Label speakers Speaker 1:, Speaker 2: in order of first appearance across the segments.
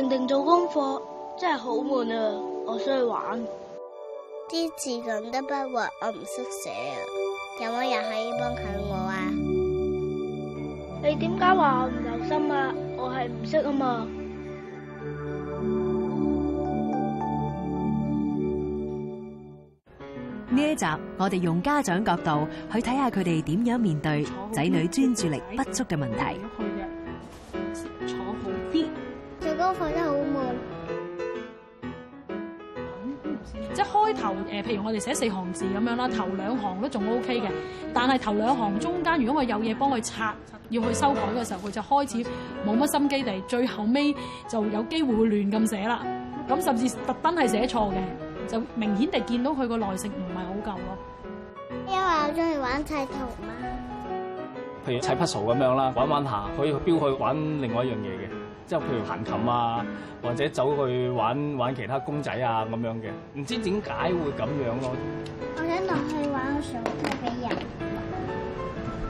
Speaker 1: 定定做功課真係好悶啊！我想去玩。啲字咁多筆畫我唔識寫啊！有冇人可以幫下我啊？你點解話我唔留心啊？我係唔識啊嘛？
Speaker 2: 呢一集我哋用家長角度去睇下佢哋點樣面對仔女專注力不足嘅問題。
Speaker 3: 即係開頭誒，譬如我哋寫四行字咁樣啦，頭兩行都仲 OK 嘅，但係頭兩行中間，如果我有嘢幫佢拆，要去修改嘅時候，佢就開始冇乜心機地，最後尾就有機會會亂咁寫啦。咁甚至特登係寫錯嘅，就明顯地見到佢個耐性唔係好夠咯。
Speaker 2: 因為我中意玩砌圖嘛，
Speaker 4: 譬如砌 puzzle 咁樣啦，玩玩下可以標去玩另外一樣嘢嘅。即係譬如彈琴啊，或者走去玩玩其他公仔啊咁樣嘅，唔知點解會咁樣咯、啊。我想落去玩上梯俾人，嗯、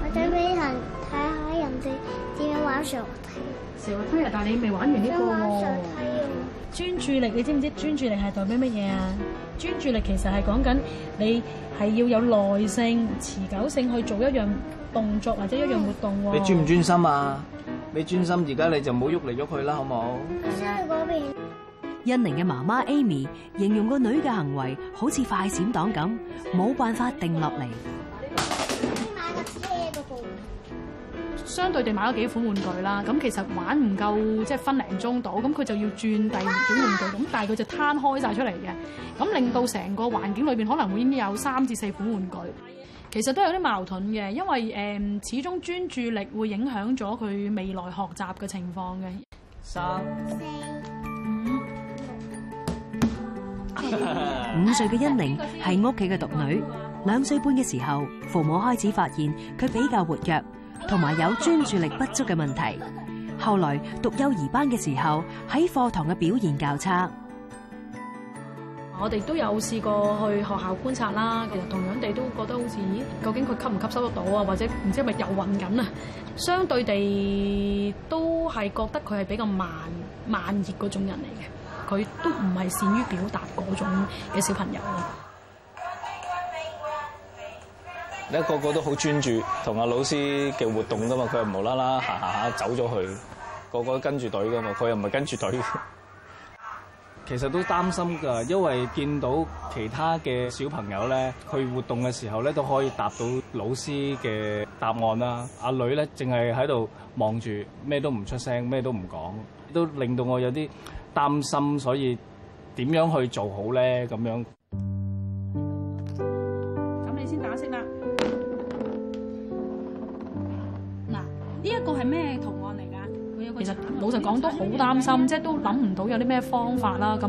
Speaker 4: 我想俾人睇下人哋點樣玩上滑梯。上
Speaker 1: 滑
Speaker 3: 梯啊！但係你未玩完呢、這個專玩上梯喎。專注力，你知唔知專注力係代表乜嘢啊？專、嗯、注力其實係講緊你係要有耐性、持久性去做一樣動作或者一樣活動喎。嗯、你專唔
Speaker 4: 專心啊？你專心，而家你就唔好喐嚟喐去啦，好唔好？我想去嗰邊。昕凌嘅媽媽 Amy
Speaker 2: 形容個女嘅行為好似快閃黨咁，冇辦法定落嚟。買
Speaker 3: 個車相對地，買咗幾款玩具啦，咁其實玩唔夠，即係分零鐘到，咁佢就要轉第二種玩具，咁但係佢就攤開晒出嚟嘅，咁令到成個環境裏邊可能會已經有三至四款玩具。其實都有啲矛盾嘅，因為、嗯、始終專注力會影響咗佢未來學習嘅情況嘅。
Speaker 4: 三、
Speaker 3: 四、五。五
Speaker 2: 歲嘅昕凌係屋企嘅獨女，兩歲半嘅時候，父母開始發現佢比較活躍，同埋有專注力不足嘅問題。後來讀幼兒班嘅時候，喺課堂嘅表現較差。
Speaker 3: 我哋都有試過去學校觀察啦，其實同樣地都覺得好似，究竟佢吸唔吸收得到啊？或者唔知係咪遊魂緊啊？相對地都係覺得佢係比較慢慢熱嗰種人嚟嘅，佢都唔係善於表達嗰種嘅小朋友咯。你
Speaker 4: 一個個都好專注同阿老師嘅活動㗎嘛，佢又無啦啦行下下走咗去，個個都跟住隊㗎嘛，佢又唔係跟住隊。其實都擔心㗎，因為見到其他嘅小朋友咧，去活動嘅時候咧都可以答到老師嘅答案啦。阿女咧，淨係喺度望住，咩都唔出聲，咩都唔講，都令到我有啲擔心。所以點樣去做好咧？咁樣。
Speaker 3: 咁你先打息啦。嗱，呢一個係咩圖？其實老實講都好擔心，即係都諗唔到有啲咩方法啦。咁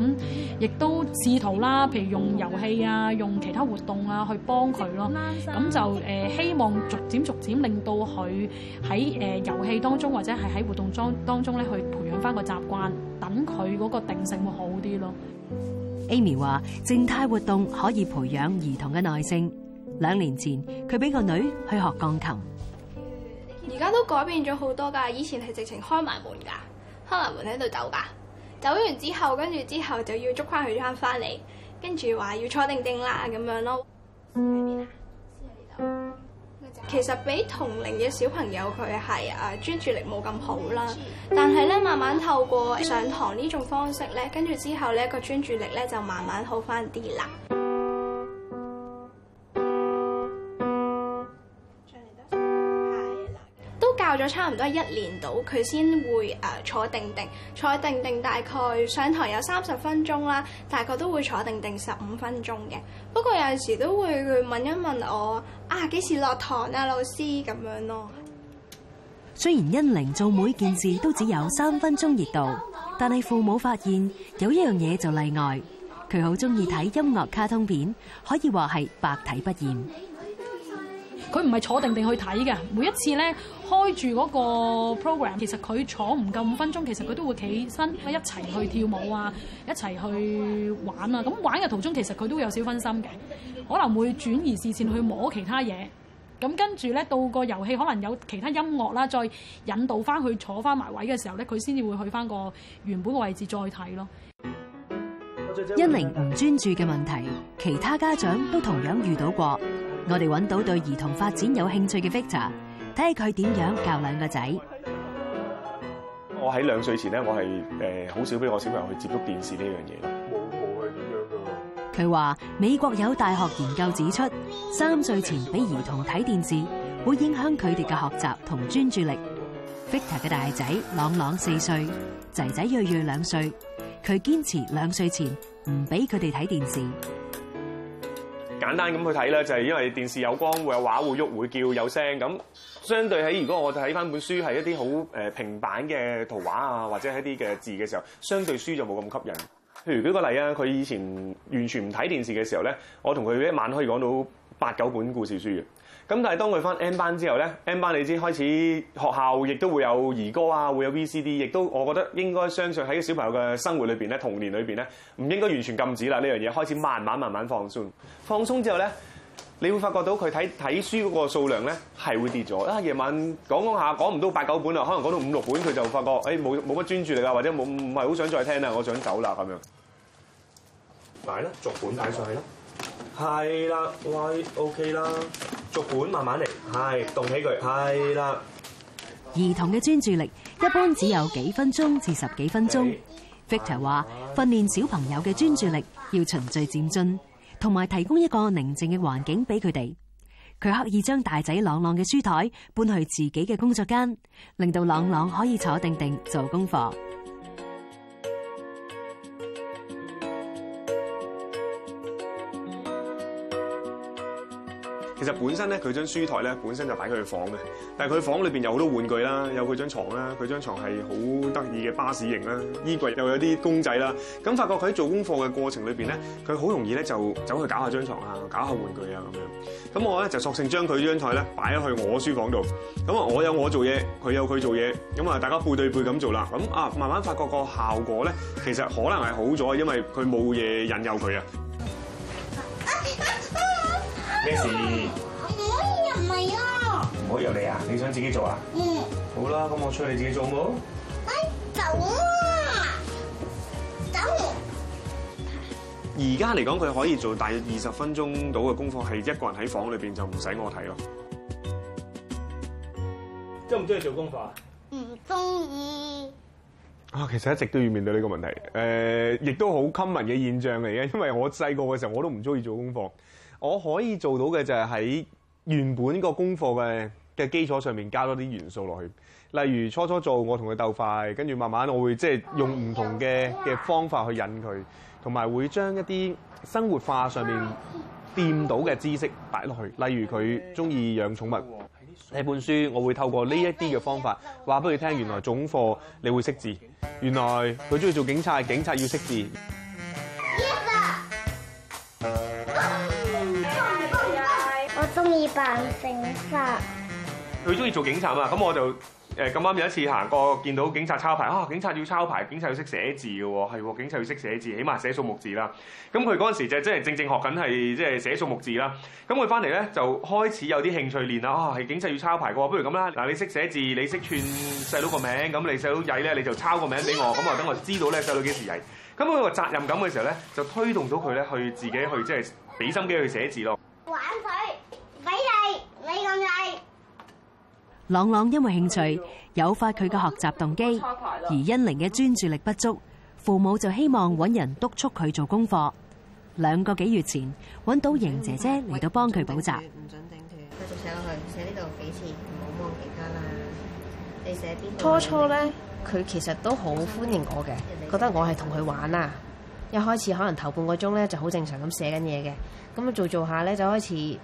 Speaker 3: 亦都試圖啦，譬如用遊戲啊，用其他活動啊，去幫佢咯。咁就誒希望逐漸逐漸令到佢喺誒遊戲當中，或者係喺活動當當中咧，去培養返個習慣，等佢嗰個定性會好啲咯。Amy
Speaker 2: 話靜態活動可以培養兒童嘅耐性。兩年前佢俾個女去學鋼琴。
Speaker 1: 而家都改變咗好多㗎，以前係直情開埋門㗎，開埋門喺度走㗎，走完之後跟住之後就要捉翻佢翻翻嚟，跟住話要坐定定啦咁樣咯。先喺邊啊？先喺呢度。其實比同齡嘅小朋友佢係誒專注力冇咁好啦，但係咧慢慢透過上堂呢種方式咧，跟住之後咧個專注力咧就慢慢好翻啲啦。咗差唔多一年度，佢先會誒坐定定，坐定定大概上堂有三十分鐘啦，大概都會坐定定十五分鐘嘅。不過有陣時都會去問一問我啊，幾時落堂啊，老師咁樣咯。
Speaker 2: 雖然昕凌做每件事都只有三分鐘熱度，但係父母發現有一樣嘢就例外，佢好中意睇音樂卡通片，可以話係百睇不厭。
Speaker 3: 佢唔係坐定定去睇嘅，每一次咧開住嗰個 program，其實佢坐唔夠五分鐘，其實佢都會企身，一齊去跳舞啊，一齊去玩啊。咁玩嘅途中，其實佢都會有少分心嘅，可能會轉移視線去摸其他嘢。咁跟住咧，到個遊戲可能有其他音樂啦，再引導翻去坐翻埋位嘅時候咧，佢先至會去翻個原本個位置再睇咯。昕凌
Speaker 2: 唔專注嘅問題，其他家長都同樣遇到過。我哋揾到對兒童發展有興趣嘅 Victor 睇下佢點樣教兩個仔。
Speaker 5: 我喺兩歲前咧，我係誒好少俾我小朋友去接觸電視呢樣嘢。冇冇係點樣噶？
Speaker 2: 佢話美國有大學研究指出，三歲前俾兒童睇電視會影響佢哋嘅學習同專注力。Victor 嘅大仔朗朗四歲，仔仔睿睿兩歲，佢堅持兩歲前唔俾佢哋睇電視。
Speaker 5: 簡單咁去睇咧，就係因為電視有光會有畫會喐會叫會有聲，咁相對喺如果我睇翻本書係一啲好平板嘅圖畫啊，或者係一啲嘅字嘅時候，相對書就冇咁吸引。譬如舉個例啊，佢以前完全唔睇電視嘅時候咧，我同佢一晚可以講到八九本故事書嘅。咁但係當佢返 M 班之後咧，M 班你知開始學校亦都會有兒歌啊，會有 VCD，亦都我覺得應該相信喺小朋友嘅生活裏邊咧、童年裏邊咧，唔應該完全禁止啦呢樣嘢，開始慢慢慢慢放鬆。放鬆之後咧，你會發覺到佢睇睇書嗰個數量咧係會跌咗啊！夜晚講講下，講唔到八九本啦，可能講到五六本，佢就發覺誒冇冇乜專注力啊，或者冇唔係好想再聽啦，我想走啦咁樣。買啦，逐本擺上去啦。係啦，喂，OK 啦。逐本慢慢嚟，係動起佢，係啦。
Speaker 2: 兒童嘅專注力一般只有幾分鐘至十幾分鐘。Victor 話訓練小朋友嘅專注力要循序漸進，同埋提供一個寧靜嘅環境俾佢哋。佢刻意將大仔朗朗嘅書台搬去自己嘅工作間，令到朗朗可以坐定定做功課。
Speaker 5: 其實本身咧，佢張書台咧本身就擺佢房嘅，但係佢房裏邊有好多玩具啦，有佢張床啦，佢張床係好得意嘅巴士型啦，衣櫃又有啲公仔啦，咁發覺佢喺做功課嘅過程裏邊咧，佢好容易咧就走去搞下張床啊，搞下玩具啊咁樣。咁我咧就索性將佢張台咧擺咗去我書房度，咁啊我有我做嘢，佢有佢做嘢，咁啊大家背對背咁做啦。咁啊慢慢發覺個效果咧，其實可能係好咗，因為佢冇嘢引誘佢啊。咩事？我唔
Speaker 1: 好入嚟啊！你想自己做啊？嗯好。好啦，咁我出去你自己做好唔好，啊？走啊！走啊現
Speaker 5: 在來。而家嚟講，佢可以做大約二十分鐘到嘅功課，係一個人喺房裏邊就唔使我睇咯。
Speaker 4: 中唔中意做功課啊？唔中
Speaker 5: 意。啊，其實一直都要面對呢個問題，誒、呃，亦都好 common 嘅現象嚟嘅，因為我細個嘅時候我都唔中意做功課，我可以做到嘅就係喺。原本個功課嘅嘅基礎上面加多啲元素落去，例如初初做我同佢鬥快，跟住慢慢我會即係用唔同嘅嘅方法去引佢，同埋會將一啲生活化上面掂到嘅知識擺落去，例如佢中意養寵物睇本書，我會透過呢一啲嘅方法話俾佢聽，原來總課你會識字，原來佢中意做警察，警察要識字。扮警察，佢中意做警察嘛？咁我就誒咁啱有一次行過，見到警察抄牌啊！警察要抄牌，警察要識寫字嘅喎，係喎，警察要識寫字，起碼寫數目字啦。咁佢嗰陣時就即係正正學緊係即係寫數目字啦。咁佢翻嚟咧就開始有啲興趣練啦。啊，係警察要抄牌嘅喎，不如咁啦，嗱，你識寫字，你識串細佬個名，咁你細佬曳咧，你就抄個名俾我，咁啊，等我知道咧細佬幾時曳。咁佢個責任感嘅時候咧，就推動到佢咧去自己去即係俾心機去寫字咯。
Speaker 2: 玩。朗朗因為興趣，誘發佢嘅學習動機；而昕凌嘅專注力不足，父母就希望揾人督促佢做功課。兩個幾月前，揾到瑩姐姐嚟到幫佢補習。唔准
Speaker 4: 整斷，繼續寫落去，寫呢度俾次，唔好望其
Speaker 2: 他啦。你寫邊？初初呢，佢其實都好歡迎我嘅，覺得我係同佢玩啦。一開始可能頭半個鐘咧就好正常咁寫緊嘢嘅，咁啊做著做下咧就開始。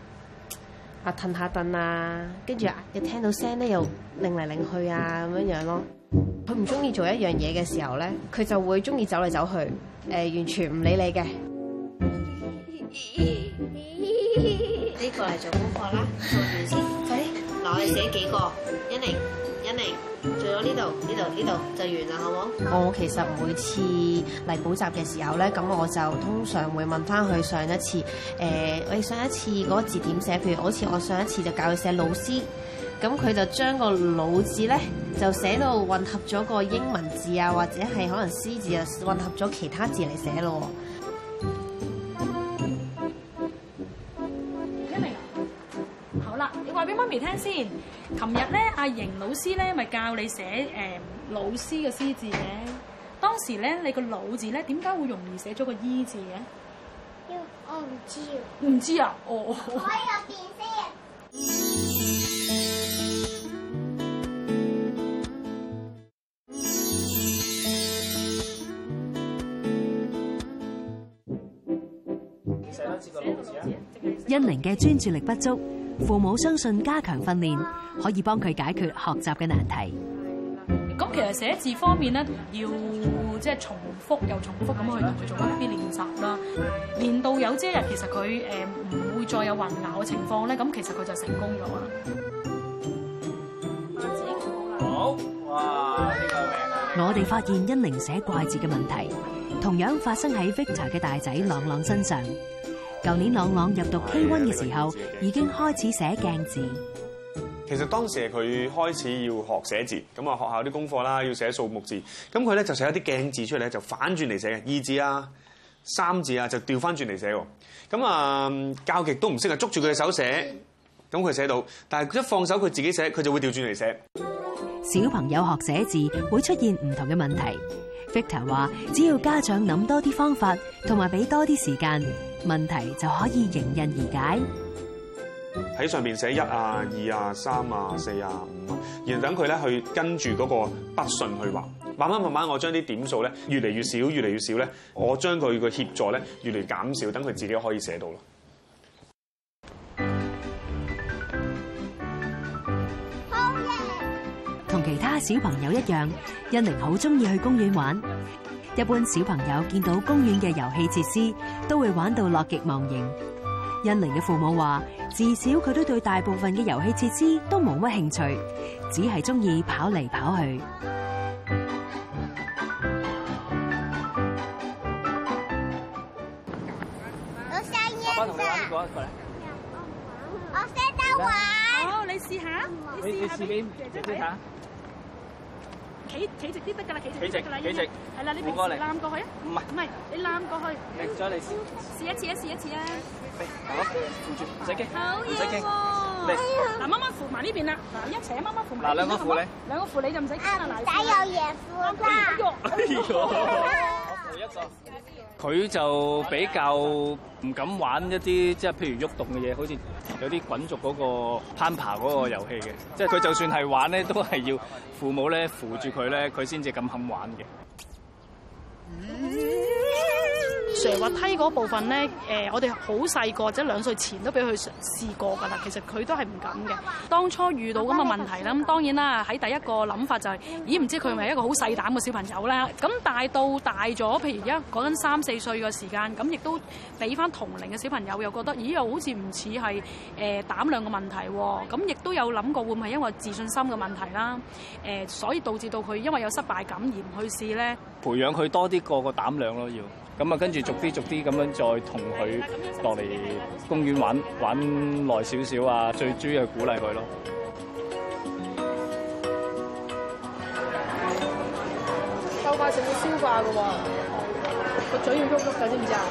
Speaker 2: 啊，褪下凳啊，跟住啊，一聽到聲咧又擰嚟擰去啊，咁樣樣咯。佢唔中
Speaker 1: 意做一樣嘢嘅時候咧，佢就會中意走嚟走去，呃，完全唔理你嘅。呢 個嚟做功課啦，做完先。哎，嗱，你寫幾個？一
Speaker 2: 零，一零。我呢度呢度呢度就完啦，好冇？我其實每次嚟補習嘅時候咧，咁我就通常會問翻佢上一次，誒、欸，我哋上一次嗰個字點寫？譬如好似我上一次就教佢寫老師，咁佢就將個老字咧就寫到混合咗個英文字啊，或者係可能師字啊混合咗其他字嚟寫咯。
Speaker 3: 你聽先，琴日咧阿瑩老師咧咪教你寫誒、嗯、老師嘅師字嘅，當時咧你個老字咧點解會容易寫咗個 E 字
Speaker 1: 嘅？我唔知
Speaker 3: 啊。唔知啊？我。我喺入邊先。寫多次個老字。
Speaker 2: 昕凌嘅專注力不足。父母相信加強訓練可以幫佢解決學習嘅難題。
Speaker 3: 咁其實寫字方面咧，要即係重複又重複咁去同佢做一啲練習啦。練到有朝一日，其實佢誒唔會再有混淆嘅情況咧，咁其實佢就成功咗啦。好，哇呢個
Speaker 4: 名！
Speaker 2: 我哋發現昕凌寫怪字嘅問題，同樣發生喺 Victor 嘅大仔朗朗身上。舊年朗朗入讀 K1 嘅時候，已經開始寫鏡字。
Speaker 5: 其實當時佢開始要學寫字，咁啊學校啲功課啦，要寫數目字，咁佢咧就寫一啲鏡字出嚟，就反轉嚟寫嘅，二字啊、三字啊，就調翻轉嚟寫。咁、嗯、啊，教極都唔識啊，捉住佢嘅手寫，咁佢寫到，但係佢一放手佢自己寫，佢就會調轉嚟寫。
Speaker 2: 小朋友學寫字會出現唔同嘅問題。Victor 話：只要家長諗多啲方法，同埋俾多啲時間，問題就可以迎刃而解。
Speaker 5: 喺上面寫一啊、二啊、三啊、四啊、五啊，然後等佢咧去跟住嗰個筆順去畫，慢慢慢慢，我將啲點數咧越嚟越少，越嚟越少咧，我將佢嘅協助咧越嚟越減少，等佢自己可以寫到咯。
Speaker 2: 小朋友一樣，昕凌好中意去公園玩。一般小朋友見到公園嘅遊戲設施，都會玩到樂極忘形。昕凌嘅父母話，至少佢都對大部分嘅遊戲設施都冇乜興趣，只係中意跑嚟跑去
Speaker 3: 爸爸、這個。我識玩，好，你試下，你試試你試下。起，企直啲得噶啦，企直，企直，係啦，你扶住，攬過去啊，唔係，唔係，你攬過去，嚟咗你試，試一次啊，試一次啊，嚟，好，扶住，唔使驚，唔使驚，嚟，嗱，媽媽扶埋呢邊啦，一齊啊，媽媽扶埋，嗱，兩個扶你，兩個扶你就唔使，阿仔有嘢扶，阿仔有嘢扶，哎呦，
Speaker 4: 扶一次。佢就比較唔敢玩一啲即係譬如喐動嘅嘢，好似有啲滾軸嗰個攀爬嗰個遊戲嘅，即係佢就算係玩咧，都係要父母咧扶住佢咧，佢先至咁肯玩嘅。
Speaker 3: 斜滑梯嗰部分咧，誒、呃，我哋好細個，或者兩歲前都俾佢試過㗎啦。其實佢都係唔敢嘅。當初遇到咁嘅問題啦，咁當然啦，喺第一個諗法就係、是，咦？唔知佢係咪一個好細膽嘅小朋友啦？咁大到大咗，譬如而家講緊三四歲嘅時間，咁亦都俾翻同齡嘅小朋友又覺得，咦？又好似唔似係誒膽量嘅問題喎？咁亦都有諗過會唔會係因為自信心嘅問題啦？誒、呃，所以導致到佢因為有失敗感而唔去試咧？
Speaker 4: 培養佢多啲個個膽量咯，要。咁啊，跟住逐啲逐啲咁樣再同佢落嚟公園玩玩耐少少啊！最主要係鼓勵佢咯。
Speaker 3: 夠快食會消化噶喎，個嘴要喐喐噶，知唔知啊？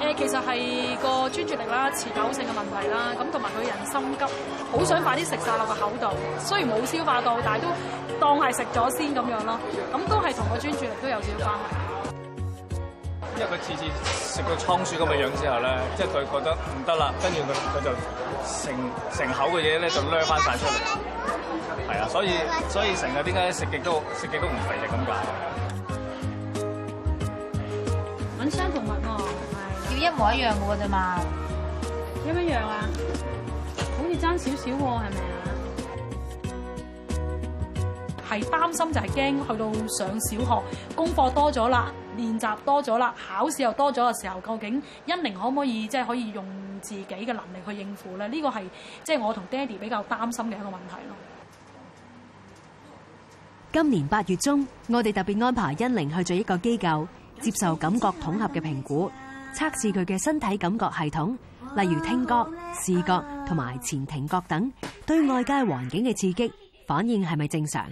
Speaker 3: 誒，其實係個專注力啦、持久性嘅問題啦，咁同埋佢人心急，好想快啲食晒落個口度。雖然冇消化到，但係都當係食咗先咁樣咯。咁都係同個專注力都有少少關係。
Speaker 4: 因係佢次次食個倉鼠咁嘅樣之後咧，即係佢覺得唔得啦，跟住佢佢就成成口嘅嘢咧就掠翻晒出嚟，係啊， 所以所以成日點解食極都食極都唔肥嘅咁解？
Speaker 3: 揾相同物喎，要一模一模樣嘅喎啫嘛，一模一樣啊，好似爭少少喎，係咪啊？係擔心就係、是、驚去到上小學功課多咗啦。練習多咗啦，考試又多咗嘅時候，究竟昕凌可唔可以即係、就是、可以用自己嘅能力去應付咧？呢個係即係我同爹哋比較擔心嘅一個問題咯。
Speaker 2: 今年八月中，我哋特別安排昕凌去咗一個機構接受感覺統合嘅評估，測試佢嘅身體感覺系統，例如聽覺、哦啊、視覺同埋前庭覺等對外界環境嘅刺激反應係咪正常？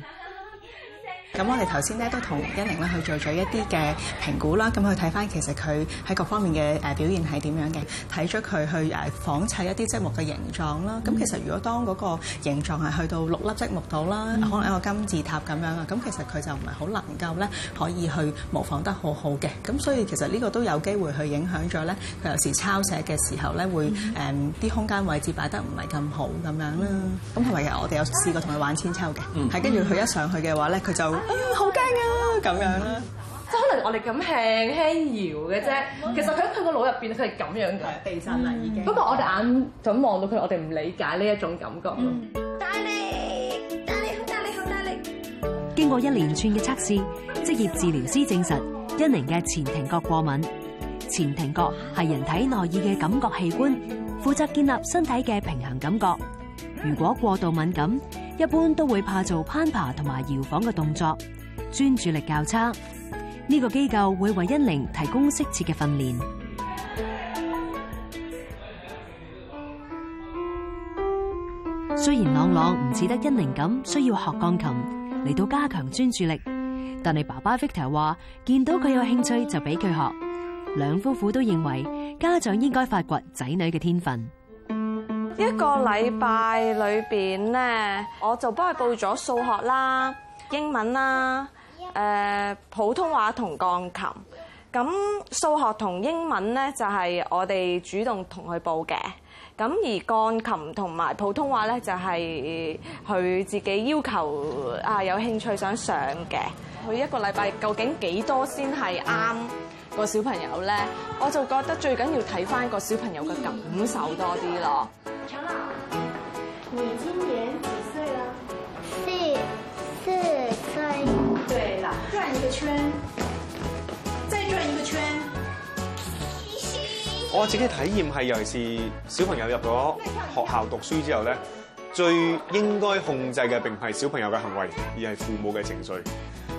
Speaker 3: 咁我哋頭先
Speaker 2: 咧都同昕凌咧去做咗一啲嘅評估啦，咁去睇翻其實佢喺各方面嘅誒
Speaker 6: 表現係點樣嘅，睇咗佢去誒仿砌一啲積木嘅形狀啦。咁、嗯、其實如果當嗰
Speaker 2: 個形狀係去到六粒積木度啦，嗯、可能一個金字塔咁樣啊，咁其實佢就唔係好能夠咧可以去模仿得好好嘅。咁所以其實呢個都有機會去影響咗咧，佢有時抄寫嘅時候咧會誒啲、嗯、空間位置擺得唔係咁好咁樣啦。咁同埋嘅我哋有試過同佢玩千秋嘅，係跟住佢一上去嘅話咧，佢就好驚啊！咁樣
Speaker 6: 啦，即係可能我哋咁輕輕搖嘅啫，其實佢喺佢個腦入
Speaker 4: 邊，佢係咁樣嘅地震啦已
Speaker 3: 經。不過我哋眼咁望到佢，我哋唔理解呢一種感覺。嗯、
Speaker 4: 大力，大
Speaker 3: 力，好大力，好大力！經過一連串嘅測試，
Speaker 2: 職業治療師證實昕凌嘅前庭覺過敏。前庭覺係人體內耳嘅感覺器官，負責建立身體嘅平衡感覺。如果過度敏感，一般都會怕做攀爬同埋搖晃嘅動作，專注力較差。呢個機構會為昕凌提供適切嘅訓練。雖然朗朗唔似得昕凌咁需要學鋼琴嚟到加強專注力，但係爸爸 Victor 話見到佢有興趣就俾佢學。兩夫婦都認為家長應該發掘仔女嘅天分。
Speaker 6: 一個禮拜裏邊咧，我就幫佢報咗數學啦、英文啦、誒普通話同鋼琴。咁數學同英文咧，就係我哋主動同佢報嘅。咁而鋼琴同埋普通話咧，就係佢自己要求啊，有興趣想上嘅。佢一個禮拜究竟幾多先係啱？個小朋友咧，我就覺得最緊要睇翻個小朋友嘅感受多啲咯。長老，你今年幾歲
Speaker 3: 啦？四四歲。
Speaker 1: 對啦，轉一個圈，再轉一
Speaker 5: 個圈。我自己體驗係，尤其是小朋友入咗學校讀書之後咧，最應該控制嘅並唔係小朋友嘅行為，而係父母嘅情緒。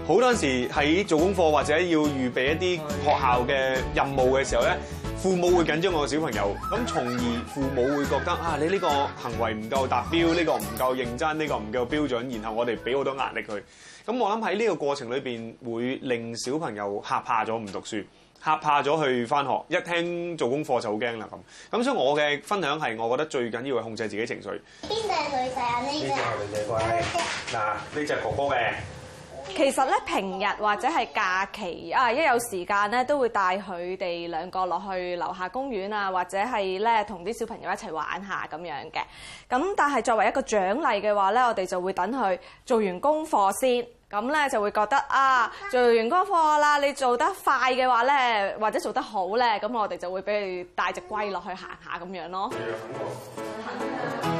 Speaker 5: 好多時喺做功課或者要預備一啲學校嘅任務嘅時候咧，父母會緊張我個小朋友，咁從而父母會覺得啊，你呢個行為唔夠達標，呢個唔夠認真，呢個唔夠標準，然後我哋俾好多壓力佢。咁我諗喺呢個過程裏面會令小朋友嚇怕咗唔讀書，嚇怕咗去返學，一聽做功課就好驚啦咁。咁所以我嘅分享係，我覺得最緊要係控制自己情緒。
Speaker 1: 邊
Speaker 6: 隻係
Speaker 5: 女仔啊？呢隻。女仔？嗱，呢隻哥哥嘅。
Speaker 6: 其實咧，平日或者係假期啊，一有時間咧，都會帶佢哋兩個落去樓下公園啊，或者係咧同啲小朋友一齊玩下咁樣嘅。咁但係作為一個獎勵嘅話咧，我哋就會等佢做完功課先。咁咧就會覺得啊，做完功課啦，你做得快嘅話咧，或者做得好咧，咁我哋就會俾佢帶隻龜落去行下咁樣咯。嗯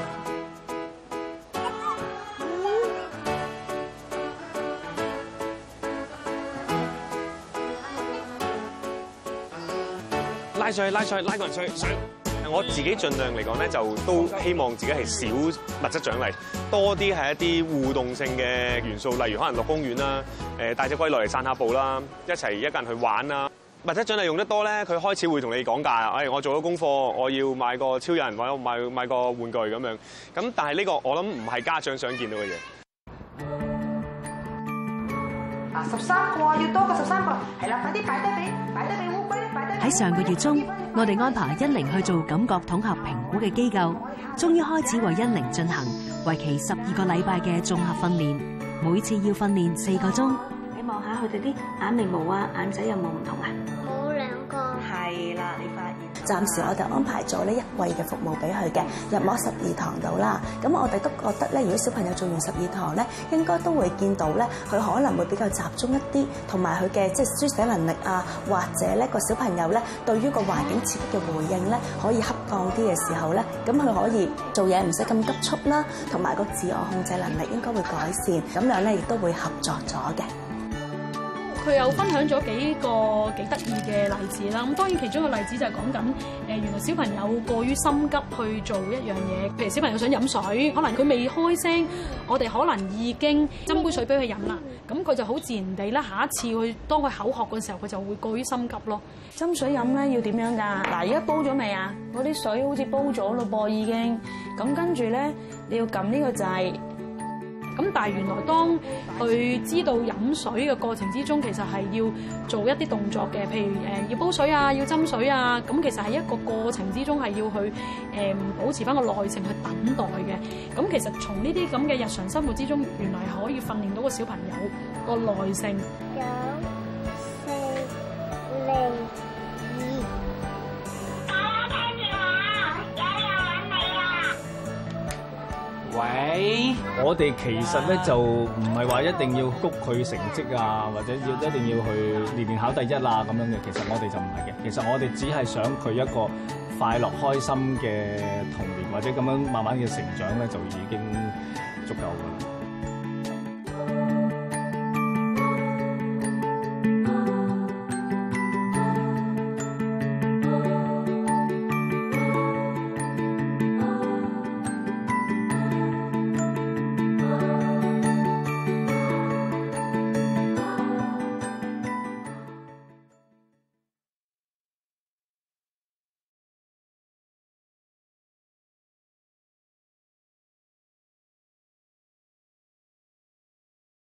Speaker 5: 拉上去，拉上去，拉個人上去。拉上去，上去我自己盡量嚟講咧，就都希望自己係少物質獎勵，多啲係一啲互動性嘅元素，例如可能落公園啦，誒帶隻龜落嚟散下步啦，一齊一個人去玩啦。物質獎勵用得多咧，佢開始會同你講價，誒、哎、我做咗功課，我要買個超人，或者買買個玩具咁樣。咁但係呢個我諗唔係家長想見到嘅嘢。啊，十三個
Speaker 3: 要多過十三個，係啦，快啲擺低俾，擺低俾。
Speaker 2: 喺上個月中，我哋安排昕凌去做感覺統合評估嘅機構，終於開始為昕凌進行為期十二個禮拜嘅綜合訓練，每次要訓練四個鐘。你望下佢哋啲眼眉毛啊、眼仔有冇唔同啊？冇兩個。係啦。暫時我哋安排咗呢一位嘅服務俾佢嘅，入模十二堂度啦。咁我哋都覺得咧，如果小朋友做完十二堂咧，應該都會見到咧，佢可能會比較集中一啲，同埋佢嘅即係書寫能力啊，或者咧個小朋友咧對於個環境刺激嘅回應咧可以恰當啲嘅時候咧，咁佢可以做嘢唔使咁急促啦，同埋個自我控制能力應該會改善，咁樣咧亦都會合作咗嘅。
Speaker 3: 佢又分享咗幾個幾得意嘅例子啦，咁當然其中一個例子就係講緊誒原來小朋友過於心急去做一樣嘢，譬如小朋友想飲水，可能佢未開聲，我哋可能已經斟杯水俾佢飲啦，咁佢就好自然地咧下一次去當佢口渴嘅時候，佢就會過於心急咯。斟水飲咧要點樣㗎？嗱，而家煲咗未啊？嗰啲水好似煲咗咯噃，已經。咁跟住咧，你要撳呢個就係。咁但係原來當佢知道飲水嘅過程之中，其實係要做一啲動作嘅，譬如誒要煲水啊，要斟水啊，咁其實係一個過程之中係要去誒保持翻個耐性去等待嘅。咁其實從呢啲咁嘅日常生活之中，原來可以訓練到個小朋友個耐性。九四
Speaker 4: 我哋其實咧就唔係話一定要谷佢成績啊，或者要一定要去年年考第一啊咁樣嘅。其實我哋就唔係嘅。其實我哋只係想佢一個快樂開心嘅童年，或者咁樣慢慢嘅成長咧，就已經足夠嘅。